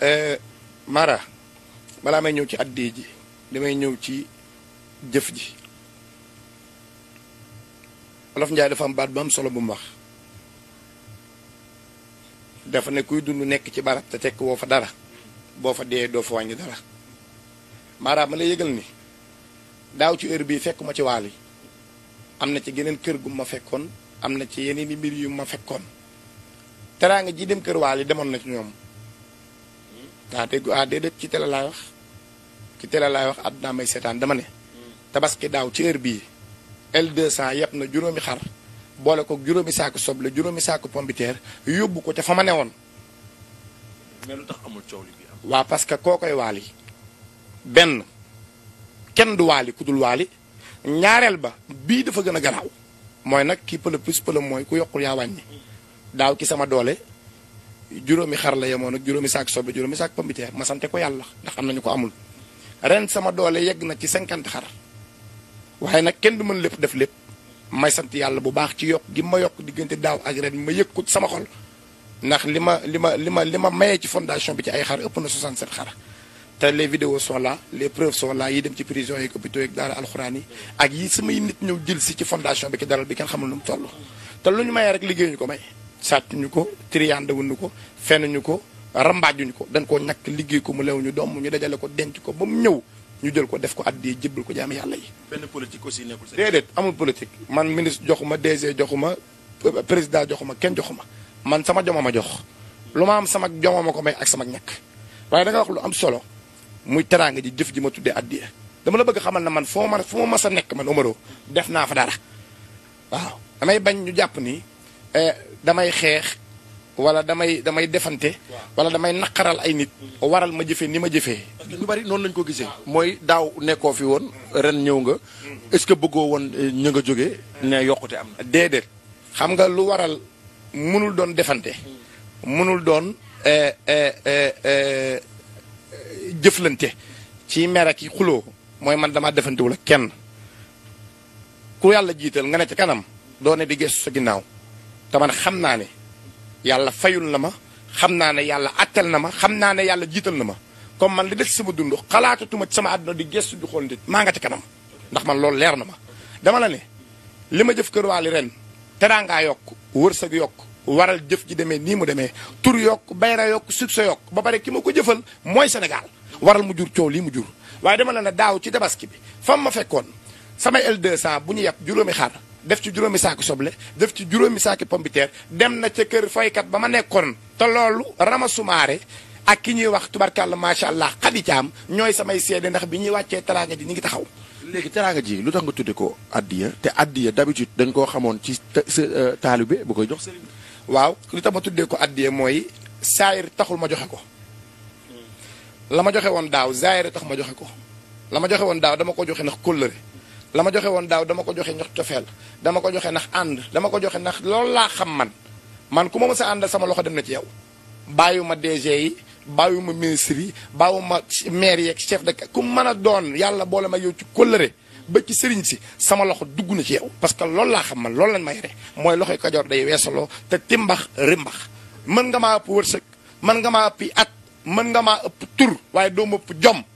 Eh, Mara balaa may ñëw ci addee ji damay ñëw ci jëf ji Olof Njaay dafa am baat bu am solo bu mu wax dafa ne kuy dund nekk ci barab te tekk woo fa dara boo fa dee doo fa wàññi dara Mara ma la yëgal ni daaw ci heure bii fekkuma ci waal yi am na ci geneen kër gu ma fekkoon am na ci yeneen i mbir yu ma fekkoon teraanga ji dem kër waal yi demoon na ci ñoom daa dégg ah déedéet ci télé laay wax ci télé laay wax àddunaa may seetaan dama ne. tabaski daaw ci heure bii L200 yëpp na juróomi xar boole ko juróomi saako soble juróomi saako pombiteer yóbbu ko ca fa ma ne woon. mais lu tax amul parce que koo koy waali benn kenn du waali ku dul waali ñaareel ba bii dafa gën a garaaw mooy nag kii pël plus pël mooy ku yokkul yaa wàññi daaw ki sama doole. juróomi xar la yemoon ak juróomi saak sobe juróomi saak pombiteer ma sante ko yàlla ndax am nañu ko amul ren sama doole yegg na ci cinquante xar waaye nag kenn du mën lépp def lépp may sant yàlla bu baax ci yokk gi ma yokk diggante daaw ak ren ma yëg ko sama xol ndax li ma li ma li ma li ma mayee ci fondation bi ci ay xar ëpp na 67 xar te les vidéos sont là les preuves sont là yi dem ci prison yeeg hôpitaux yeeg daara alxuraan yi ak yi samay nit ñëw jël si ci fondation bi ki bi kenn xamul nu mu toll te lu ñu mayee rek liggéey ñu ko may ñu ko triyandewuñu ko fenuñu ko rambaajuñu ko dañ koo ñàkk liggéey ko mu lew ñu doom ñu dajale ko denc ko ba mu ñëw ñu jël ko def ko addee jébbal ko jaam yàlla yi. benn politique aussi nekkul déedéet amul politique man ministre joxuma DG joxuma président joxuma kenn joxuma man sama joma ma jox. lu ma am sama joma ma ko may ak sama ñàkk waaye da wax lu am solo muy teraanga ji jëf ji ma tuddee addee dama la bëgg xamal na man foo ma fu ma mës a nekk man Omaro def naa fa dara waaw bañ ñu jàpp ni. Eh, damay xeex wala damay damay defante wala damay naqaral ay nit waral ma jëfe ni ma jëfee ñu bari noonu lañ ko gisee mooy daaw nekkoo fi woon ren ñëw nga mm. est-ce que bëggoo woon eh, ña nga jógee ne yokkute am na déedéet xam nga lu waral mënul doon defante mënul mm. doon eh, jëflante ci mer yi xuloo mooy man dama defantewul la kenn ku yàlla jiital nga ne ca kanam doone di gees sa ginnaaw te man xam naa ne yàlla fayul na ma xam naa ne yàlla attal na ma xam naa ne yàlla jiital na ma comme man li def des sama dund xalaatatuma sama àdduna di gestu di xool nit maa nga ci kanam ndax man loolu leer na ma dama la ne li ma jëf kër waali ren teraangaa yokk wërsëg yokk waral jëf ji demee nii mu demee tur yokk bayra yokk succès yokk ba pare ki ma ko jëfal mooy Sénégal waral mu jur coow lii mu jur waaye dama la ne daaw ci tabaski bi fam ma fekkoon samay L200 bu ñu yàpp juróomi xar def ci juróomi saako soble def ci juróomi saaki pompiteer dem na ca kër foykat ba ma nekkoon te loolu rama sumaare ak ki ñuy wax tubarkàlla macha allah xadi caam ñooy samay seede ndax bi ñuy wàccee teraanga ji ñu ngi taxaw. léegi teraanga ji lu tax nga tudde ko addiya te addiya d'habitude dañ koo xamoon ci sa euh, taalibe bu koy jox sëriñ waaw lu ma tuddee ko addiya mooy saayir taxul ma joxe ko hmm. la ma joxe woon daaw saayir tax ma joxe ko la ma joxe woon daaw dama ko joxe ndax kóllëre la ma joxe woon daaw dama ko joxe ñox cofeel dama ko joxe ndax ànd dama ko joxe ndax loolu laa xam man man ku ma mës a àndal sama loxo dem na ci yow bàyyuma DG yi ma ministre yi ma maire yeeg chef de ku mën a doon yàlla boole ma yow ci kóllëre ba ci sëriñ si sama loxo dugg na ci yow parce que loolu laa xam man loolu lañ ma yore mooy loxoy kajoor day weesaloo te timbax rimbax mën nga maa ëpp wërsëg mën nga maa ëpp at mën nga maa ëpp tur waaye doo ma ëpp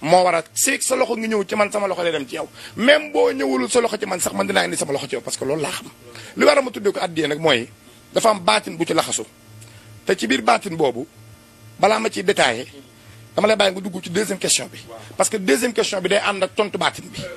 moo war a seeg sa loxo ngi ñëw ci man sama loxo lay dem ci yow même boo ñëwulul sa loxo ci man sax man dinaa indi sama loxo ci yow parce que loolu laa xam li war a ma tuddee ko addiyee nag mooy dafa am baatin bu ci laxasu te ci biir baatin boobu balaa ma ci détaillé dama lay bàyyi nga dugg ci deuxième question bi parce que deuxième question bi day ànd ak tontu baatin bi